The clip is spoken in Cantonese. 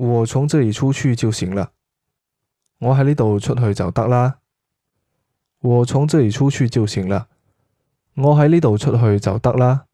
我從這裏出去就行了，我喺呢度出去就得啦。我從這裏出去就行了，我喺呢度出去就得啦。